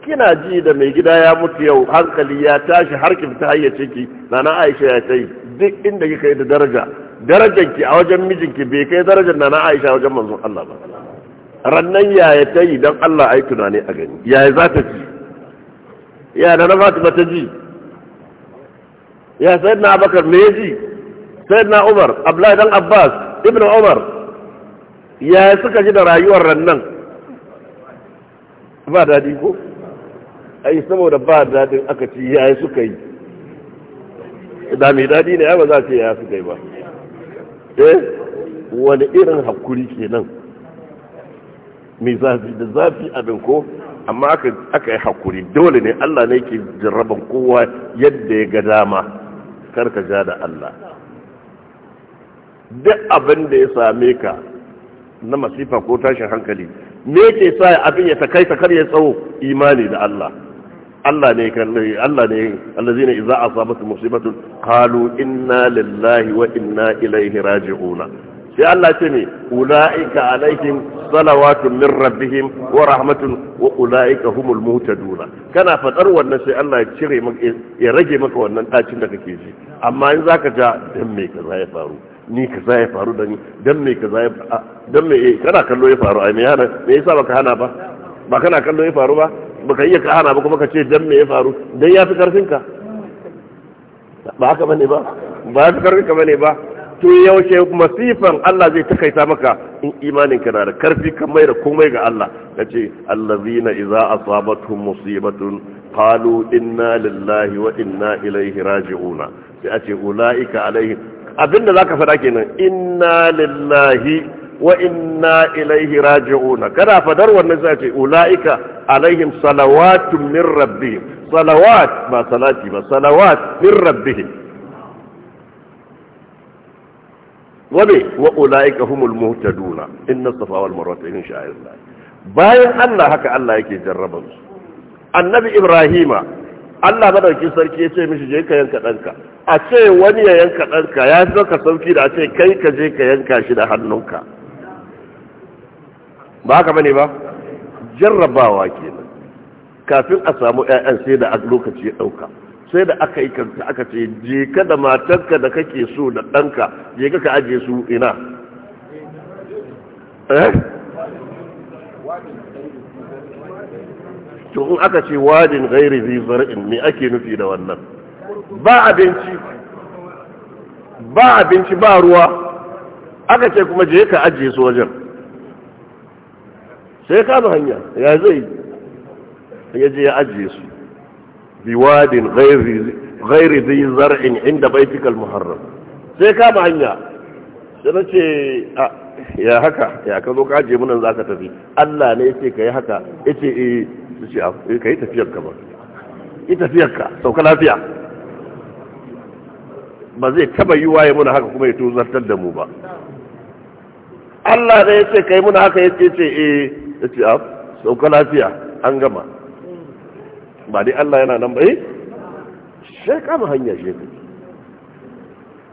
kina ji da mai gida ya mutu yau hankali ya tashi har ki fita hayyace ki na aisha ya tai duk inda kika yi da daraja darajar ki a wajen mijinki bai kai darajar na aisha wajen manzon Allah ba rannan ya ta yi don Allah ai tunani a gani yaya za ta ji ya na Fatima ta ji ya na abakar me ya ji na Umar Abdullahi dan Abbas Ibn Umar ya suka ji da rayuwar rannan ba daɗi ko ai saboda ba daɗin aka ci yayi suka yi da mai daɗi ne ya ba za ce yaya suka yi ba eh wani irin hakuri nan mai zafi da zafi abin ko amma aka yi hakuri dole ne Allah ne ke jarraban kowa yadda ya ga dama karka ja da Allah duk abin da ya same ka na masifa ko tashin hankali me ke sa abin ya sakai sakar ya tsawo imani da Allah Allah ne kallahi Allah ne allazina idza asabatu musibatun qalu inna lillahi wa inna ilaihi raji'una sai Allah ce ne ulaika alaihim salawatun min rabbihim wa rahmatun wa ulaika humul muhtaduna kana fadar wannan sai Allah ya cire maka ya rage maka wannan dacin da kake ji amma in zaka ja dan me kaza ya faru ni kaza ya faru da ni dan me kaza ya dan me eh, kana kallo ya faru A me yana me yasa baka hana ba ba kana kallo ya faru ba baka iya ka hana ba kuma ka ce dan me ya faru dan ya fi karfin ka ba haka bane ba ba ya fi karfin ka bane ba to yaushe masifan Allah zai takaita maka in imanin ka na da karfi kan mai da komai ga Allah kace allazina idza asabatuhum musibatun qalu inna lillahi wa inna ilaihi raji'una sai a ce ulaika alaihim abinda ka faɗa kenan inna lillahi wa inna ilaihi raji'un kada fadar wannan sai ce ulaika alaihim salawatun min rabbihim salawat ba salati ba salawat min rabbihim wabe wa ulaika humul muhtaduna inna safa wal marwa min sha'irillah bayan Allah haka Allah yake jarrabansu annabi Ibrahima Allah madaukin sarki ya ce mishi je ka yanka ɗanka a ce wani ya yanka ɗanka ya fi ka sauki da a ce kai ka je ka yanka shi da hannunka ba haka bane ba jarrabawa kenan kafin a samu ƴaƴan sai da lokaci ya ɗauka sai da aka yi kanta aka ce je ka da matarka da kake so da ɗanka je ka ka aje su ina eh? to in aka ce wadin gairi zai zar'in me ake nufi da wannan ba abinci ba abinci ba ruwa aka ce kuma je ka ajiye su wajen sai kama hanya ya zai ya je ya ajiye su biwadin gairi zai zar'in inda baitikal muharram sai kama hanya sai na ce a ya haka ya ka zo ka ajiye munan za ka tafi allah ne ya ce ka yi haka ya ce eh. su ce ah, eh, ka yi tafiyarka ba yi tafiyarka sauka lafiya ba zai taba yi waye muna haka kuma ya tuzartar da mu ba Allah ne ya ce ka yi muna haka ya ce ce eh ya ce ah, sauka lafiya an gama ba dai Allah yana nan ba eh sai kama hanya shi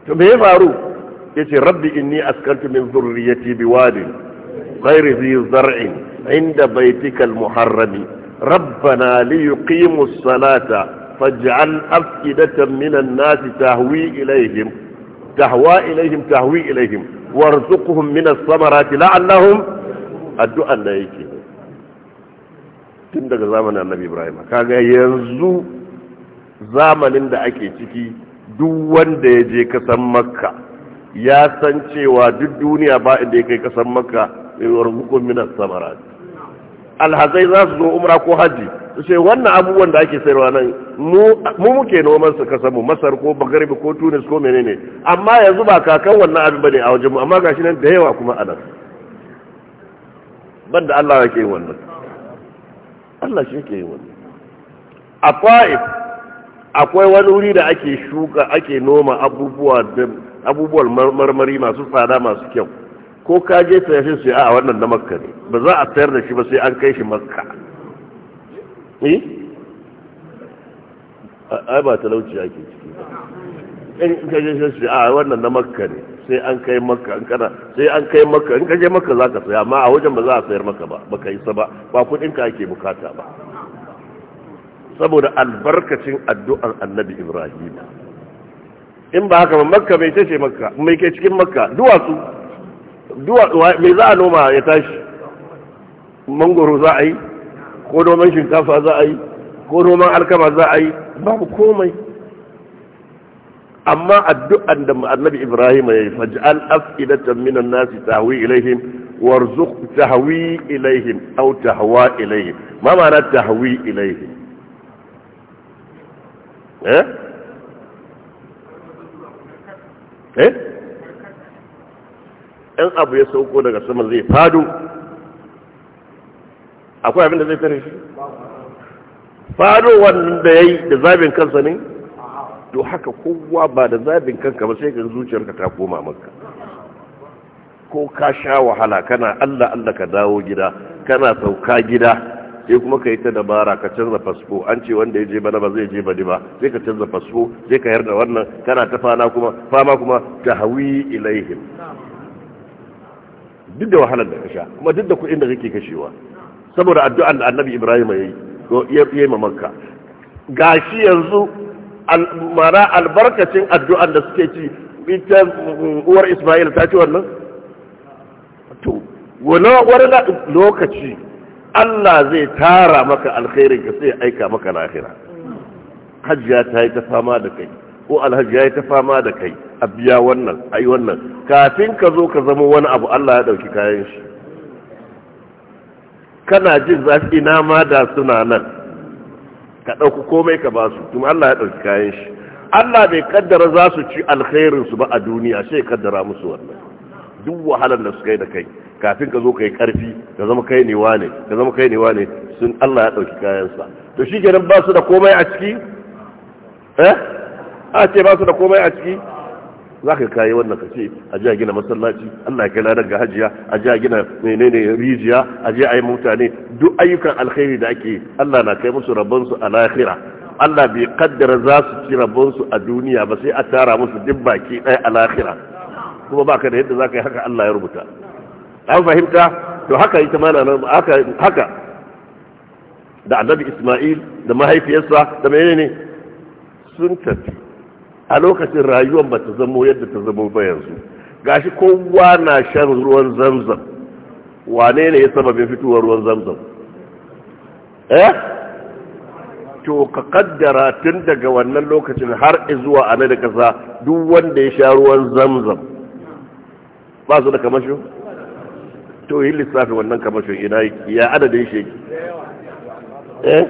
to me ya faru ya ce rabbi ni askantu min zurriyati biwadin غير ذي زرع عند بيتك المحرم ربنا ليقيموا الصلاة فاجعل أفئدة من الناس تهوي إليهم تهوى إليهم تهوي إليهم وارزقهم من الثمرات لعلهم addu'an da yake tun daga zamanin annabi ibrahim kaga yanzu zamanin da ake ciki duk wanda ya je kasan makka ya san cewa duk duniya ba inda ya kai kasan makka ya yi wargukun minas samarati alhazai za su zo umra ko hajji su ce wannan abubuwan da ake sayarwa nan mu muke noman su ka samu masar ko bagarbi ko tunis ko menene amma yanzu ba kakan wannan abin bane a wajen mu amma gashi nan da yawa kuma anan banda Allah yake yin wannan Allah shi yake yin wannan a fa'if akwai wani wuri da ake shuka ake noma abubuwa abubuwan marmari masu tsada masu kyau ko ka je saya shi su a wannan na makka ne ba za a sayar da shi ba sai an kai shi makka eh ai ba talauci ake ciki ba. in ka je shi a wannan na makka ne sai an kai makka in kana sai an kai makka in ka je makka za ka saya amma a wajen ba za a sayar maka ba ba ka isa ba ba kudin ka ake bukata ba saboda albarkacin addu'ar annabi ibrahim in ba haka ba makka mai ce makka mai ke cikin makka duwatsu duwatsu mai za a noma ya tashi mangoro za a yi ko noman shinkafa za a yi ko noman alkama za a yi babu komai amma addu'an da annabi ibrahim ya yi faj'al af'idatan minan nasi tahwi ilaihim warzuq tahwi ilaihim aw tahwa ilaihim ma ma'ana tahwi ilaihim eh eh in abu ya sauko daga sama zai fado akwai abin da zai tare shi fado wanda ya yi da zabin kansa ne to haka kowa ba da zabin kanka ba sai ka zuciyarka ta koma maka ko ka sha wahala kana allah allah ka dawo gida kana sauka gida sai kuma ka yi ta dabara ka canza fasfo an ce wanda ya je bana ba zai je bani ba sai ka canza fasfo sai ka yarda wannan kana ta kuma fama kuma ta hawi ilaihim duk da wahalar da ka sha kuma duk da kuɗin da kake kashewa saboda addu'an da annabi ibrahim ya yi ya yi makka gashi yanzu mara albarkacin addu'an da suke ci ita mm, uwar isma'il ta ci wannan to wani lokaci Allah zai tara maka alkhairin ka sai aika maka lahira hajjiya ta yi ta fama da kai ko alhaji ya ta fama da kai a biya wannan a yi wannan kafin ka zo ka zama wani abu Allah ya ɗauki kayan shi kana jin zafi ina ma da suna nan ka ɗauki komai ka ba su tun Allah ya ɗauki kayan shi Allah bai kaddara za su ci alkhairinsu ba a duniya sai kaddara musu wannan duk wahalar da su kai da kai kafin ka zo ka yi karfi ka zama kai ne wane ka zama kai ne wane sun Allah ya ɗauki kayansa to shi kenan ba su da komai a ciki eh a ce ba su da komai a ciki za ka kayi wannan kace a ji gina masallaci allah kai ladan ga hajiya a ji a gina menene rijiya a ji a yi mutane duk ayyukan alkhairi da ake allah na kai musu rabonsu a lahira allah bai kaddara za su ci rabonsu a duniya ba sai a tara musu duk baki ɗaya a lahira kuma ba ka da yadda za ka yi haka allah ya rubuta an fahimta to haka ita ma nan haka da annabi isma'il da mahaifiyarsa da menene sun tafi a lokacin rayuwar ba ta zamo yadda ta zamo ba yanzu gashi kowa na shan ruwan zamzam wane ne ya sababin fitowar ruwan zamzam eh to ka kaddara tun daga wannan lokacin har zuwa a da kasa duk wanda ya sha ruwan zamzam ba su da kamasho to yi lissafi wannan kamasho ina ya adadin shi eh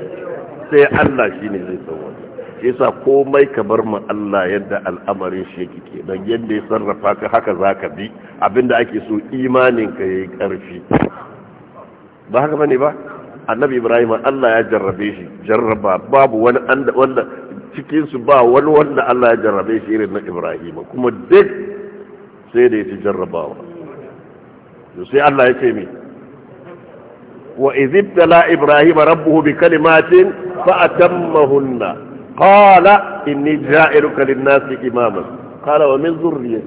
sai Allah shi ne zai san shi yasa komai ka bar mu Allah yadda al'amarin shi yake kenan yadda ya sarrafa ka haka zaka bi abinda ake so imanin ka yayi karfi ba haka bane ba annabi Ibrahim Allah ya jarrabe shi jarraba babu wani anda wanda cikin su ba wani wanda Allah ya jarrabe shi irin na Ibrahim kuma duk sai da ya ci jarrabawa to sai Allah ya ce mi wa idh ibtala ibrahima rabbuhu bi kalimatin fa atammahunna قال إني جائرك للناس إماما قال ومن ذريتي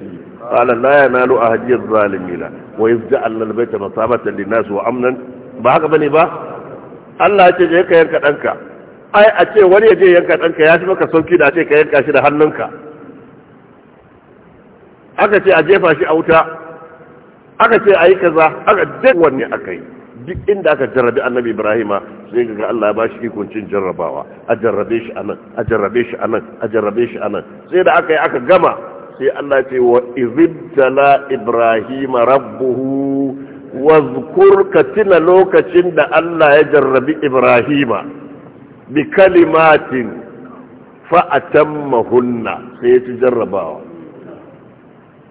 قال لا ينال أهدي الظالمين وإذ جعلنا البيت مصابة للناس وأمنا بحق بني با الله يجي ينكا ينكا تنكا أي أتي ولي يجي ينكا تنكا ياشمك سوكي دا أتي ينكا شدا هننكا أكا ce a jefa أوتا أكا wuta أي كذا أكا دي kaza أكاين duk inda aka jarrabi annabi ibrahima sai ga Allah ya bashi ikon cin jarrabawa a jarrabe shi anan a jarrabe shi anan a jarrabe shi anan sai da aka yi aka gama sai Allah ya ce wa izibtala ibrahima rabbuhu wazkur katina lokacin da Allah ya jarrabi ibrahima bi kalimatin fa atammahunna sai ya ci jarrabawa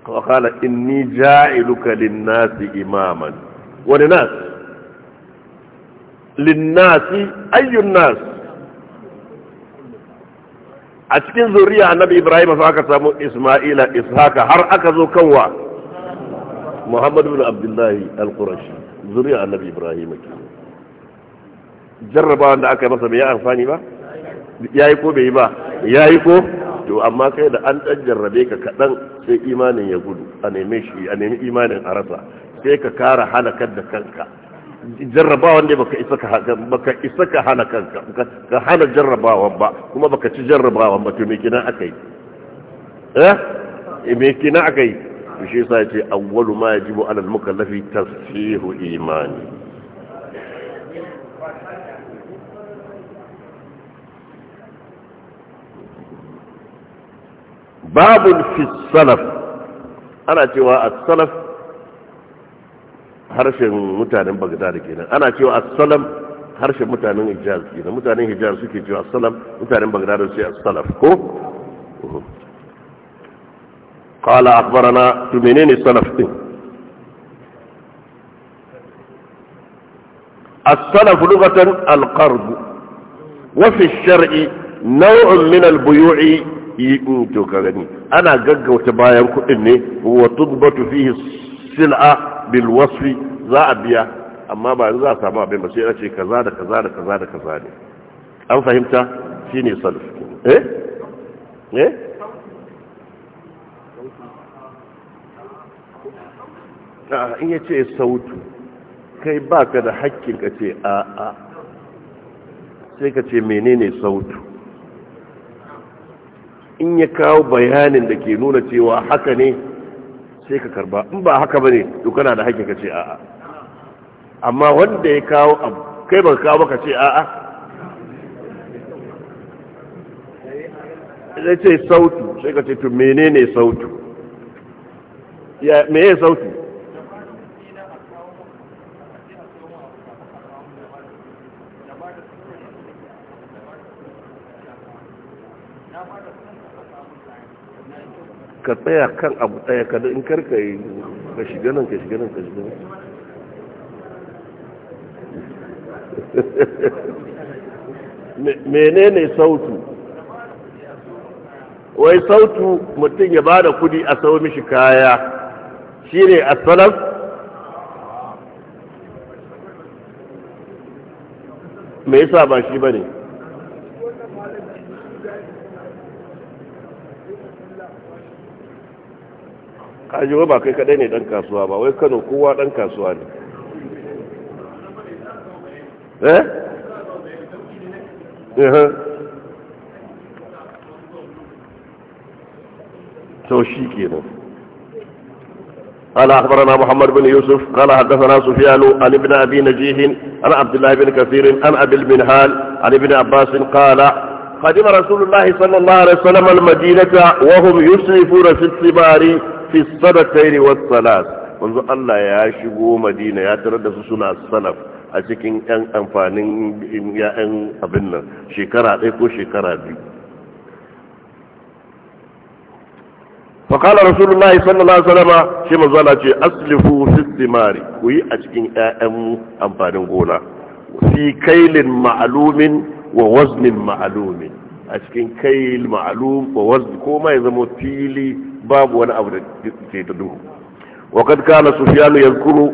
وقال إني جاعلك للناس إماما ولناس linnasi ayyun nas a cikin zuriya annabi ibrahim fa aka samu isma'ila ishaka har aka zo kanwa muhammad ibn abdullahi al-qurashi zuriya annabi ibrahim ke jarrabawan da aka masa bai amfani ba yayi ko bai yi ba yayi ko to amma kai da an dan jarrabe ka kadan sai imanin ya gudu a neme shi a nemi imanin a rasa sai ka kara halakar da kanka jarrabawan ne baka isa ka baka isa ka hana kanka ka hana jarrabawan ba kuma baka ci jarrabawan ba to me kina akai eh me kina akai shi yasa yace awwalu ma yajibu ala al-mukallafi tasfihu imani babun fi salaf ana cewa as-salaf harshen mutanen bagdad kenan ana cewa assalam harshen mutanen hijaz kenan mutanen hijaz suke cewa assalam mutanen bagdad su assalaf ko mhm. qala akhbarana to menene salaf din السلف لغة القرض وفي الشرع نوع من البيوع يؤتوك أنا قد قلت بايا كؤني وتضبط فيه sil'a bil wasfi za a biya amma ba za a samu abin ba sai a ce kaza da kaza da kaza da kaza ne an fahimta shine salaf eh eh in yace sautu kai baka da hakkin ka ce a a sai ka ce menene sautu in ya kawo bayanin da ke nuna cewa haka ne sai ka karba in ba haka bane to kana da hakki ka ce a'a amma wanda ya kawo abu kai ba kawo ka ce a'a sai ce sautu sai ka ce to menene sautu ya meye sautu ka tsaya kan abu tsaya ka da in karka yi ka shiga nan ka shiga nan ka shiga nan menene sautu wai sautu mutum ya ba da kudi a sau mishi kaya shi a asalam me yasa ba shi ba ne. kaji ba kai kadai ne dan kasuwa ba wai kano kowa dan kasuwa ne eh eh to shi kenan قال أخبرنا محمد بن يوسف قال حدثنا سفيان عن ابن أبي نجيح عن عبد الله بن كثير عن أبي المنهال عن ابن عباس قال قدم رسول الله صلى الله عليه وسلم المدينة وهم يسرفون في الثمار fi sadatayn was salas manzo Allah ya shigo Madina ya tarar da su suna salaf a cikin yan amfanin ya'yan abin nan shekara ɗaya ko shekara biyu faƙalar rasulullah sallallahu alaihi wasallam shi manzo Allah ce aslifu fi simari ku yi a cikin ƴaƴan amfanin gona fi kailin ma'lumin wa waznin ma'lumin a cikin kail ma'lum wa wazn ko mai ya zama fili باب wani abu da وقد كان سفيان يذكر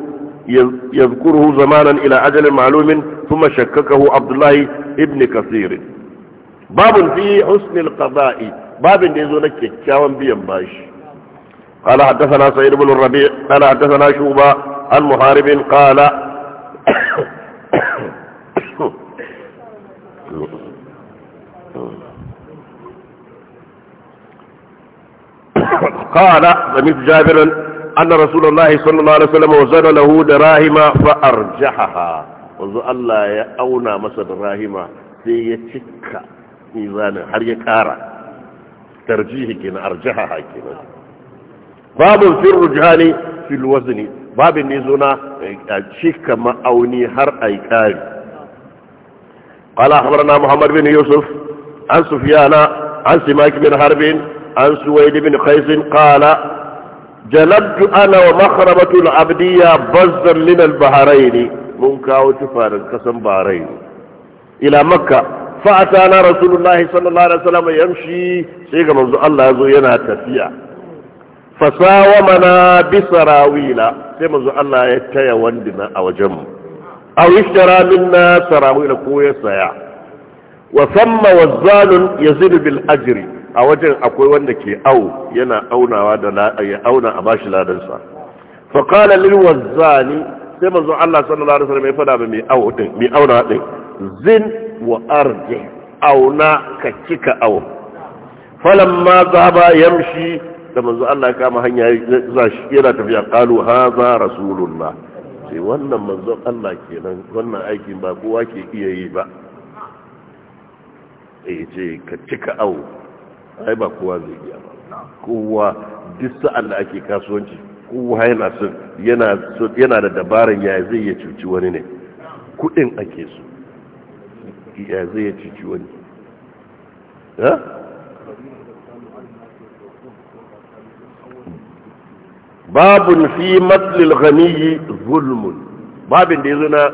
يذكره زمانا إلى أجل معلوم ثم شككه عبد الله ابن كثير باب في حسن القضاء باب يزول كتاوان بيان باش قال حدثنا سيد بن الربيع قال حدثنا شوبة عن محارب قال قال سمعت جابرا أن رسول الله صلى الله عليه وسلم وزن له دراهم فأرجحها وزو الله يا أونا مسا دراهم في يتك ميزان هل يكارا ترجيه كنا أرجحها كنا باب في الرجحان في الوزن باب النزونا شك ما أوني هر أي كاري قال أخبرنا محمد بن يوسف عن سفيان عن سماك بن هربين عن سويد بن قيس قال جلبت أنا ومخربة العبدية بزا من البحرين او تفار القسم بحرين إلى مكة فأتانا رسول الله صلى الله عليه وسلم يمشي شيخ منذ الله زوينا ينا تفيع فساومنا بسراويل كما منذ الله يتيا واندنا أو جم أو اشترى منا سراويل كويسة وثم وزال يزيد بالأجر a wajen akwai wanda ke au yana aunawa da ya auna a bashi ladansa fa qala lil wazani sai manzo Allah sallallahu alaihi wasallam ya fada ba mai au din mai auna din zin wa arji auna ka kika au falamma zaba yamshi da manzo Allah ya kama hanya yana tafiya qalu hadha rasulullah sai wannan manzo Allah kenan wannan aikin ba kowa ke iya yi ba sai ce ka cika au ai ba kowa zai iya ba kowa duk sa'an da ake kasuwanci kowa yana son yana yana da dabaran ya zai ya cuci wani ne kudin ake so ya zai ya cuci wani ha babun fi matlil ghaniyi zulmun babin da yazo na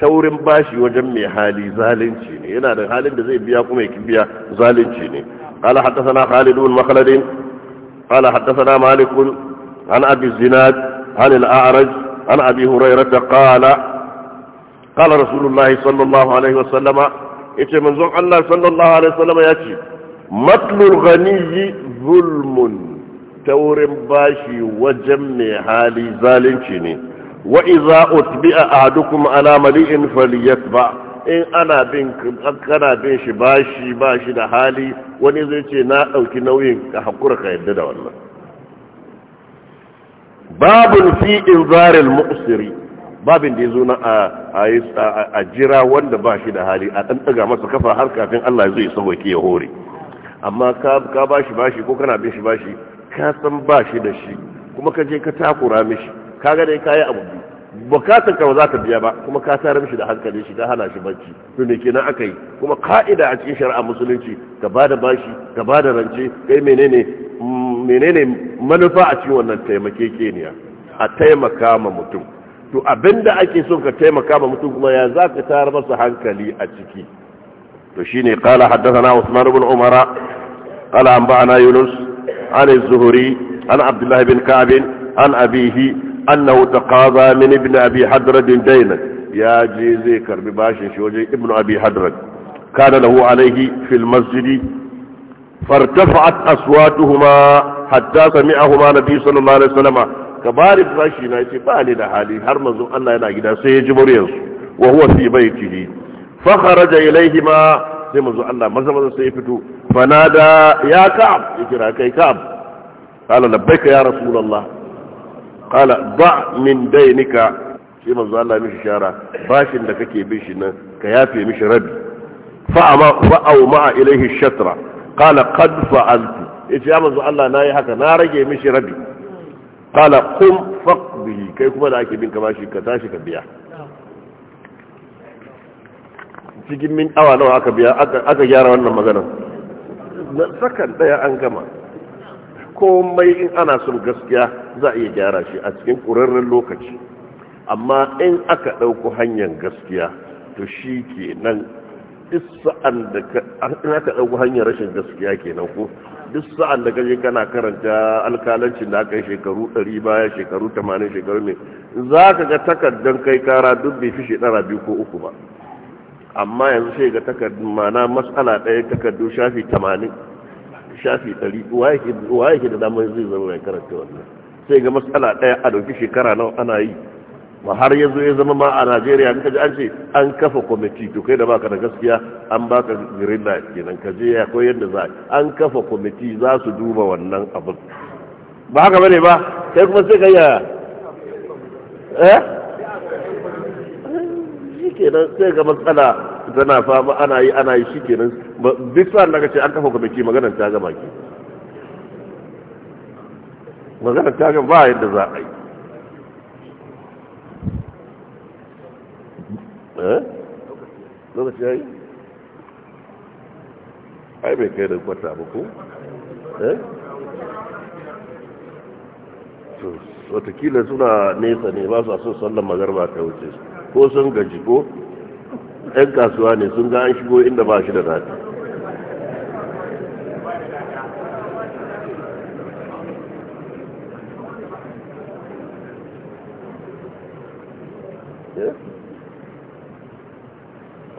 taurin bashi wajen mai hali zalunci ne yana da halin da zai biya kuma ya biya zalunci ne قال حدثنا خالد بن مخلد قال حدثنا مالك عن أبي الزناد عن الأعرج عن أبي هريرة قال قال رسول الله صلى الله عليه وسلم إيش زوج الله صلى الله عليه وسلم يأتي مثل الغني ظلم تور باشي وجمع حالي ظالم شني وإذا أتبع أحدكم على مليء فليتبع in ana bin kana bin shi bashi ba shi da hali wani zai ce na ɗauki nauyin ka hakura ka yadda da wannan babin fi zarin mu'siri babin da ya zo na a jira wanda ba shi da hali a ɗan ɗaga masa kafa har kafin Allah zai sauwake ya hore amma ka ba shi shi, ko kana bin shi ba shi, ka san ba shi da shi kuma ka je ka takura mishi ka kaga dai kayi abu bukatar ka ba za ta biya ba kuma ka tare mishi da hankali shi ka hana shi bacci to me kenan aka yi kuma ka'ida a cikin shari'a musulunci ka ba da bashi ka ba da rance kai menene menene manufa a cikin wannan taimake keniya a taimaka ma mutum to abinda ake son ka taimaka ma mutum kuma ya za ka tare masa hankali a ciki to shine qala haddathana Usman ibn Umara qala anba'ana Yunus an az-Zuhri an Abdullah ibn Ka'b an abihi annahu kaza mini bin abi hadrad dayna ya je zai karbi bashin shi wajen ibn abi hadrad kana lahu alaihi fil masjid fartafa'at aswatuhuma hatta sami'ahuma nabi sallallahu alaihi wasallam kabari bashi na yace ba da hali har manzon Allah yana gida sai ya ji muryar su wa huwa fi baitihi fa kharaja ilaihima sai manzon Allah maza maza sai ya fito fanada ya ka'ab ya kira kai ka'ab قال لبيك يا رسول الله qala ba min daynika shi manzo Allah mishi shara bashin da kake bin shi nan ka yafe mishi rabi fa ama fa au shatra qala qad fa'altu yace ya manzo Allah nayi haka na rage mishi rabi qala qum faqbihi kai kuma da ake bin ka bashi ka tashi ka biya cikin min awa nawa aka biya aka gyara wannan maganar sakan daya an gama komai in ana son gaskiya za a iya gyara shi a cikin ƙurarren lokaci amma in aka ɗauko hanyar gaskiya to shi ke nan duk sa'an da aka ɗauko hanyar rashin gaskiya ke nan ko duk sa'an da kaje kana karanta alkalancin da aka yi shekaru 100 baya shekaru 80 shekaru ne za ka ga takardar kai kara duk bai fi shekara biyu ko uku ba amma yanzu sai ga takardun mana matsala ɗaya takardu shafi 80 shafi ɗari wa yake da damar zai zama mai karanta wannan sai ga matsala ɗaya a ɗauki shekara nawa ana yi ma har yanzu ya zama ma a najeriya ka ji an ce an kafa kwamiti to kai da baka da gaskiya an baka green light kenan ka je ya koyar da za an kafa kwamiti za su duba wannan abin ba haka bane ba kai kuma sai ka yi eh shi kenan sai ga matsala tana fama ana yi ana yi shi kenan duk sa'an da ce an kafa biki maganar ta gaba ke maganar ta gaba ba yadda za a yi eh? lokaci ya yi ai bai kai da kwata ba ku eh? watakila suna nesa ne ba su a son sallan magarba ta wuce ko sun gaji ko 'yan kasuwa ne sun ga an shigo inda ba shi da zafi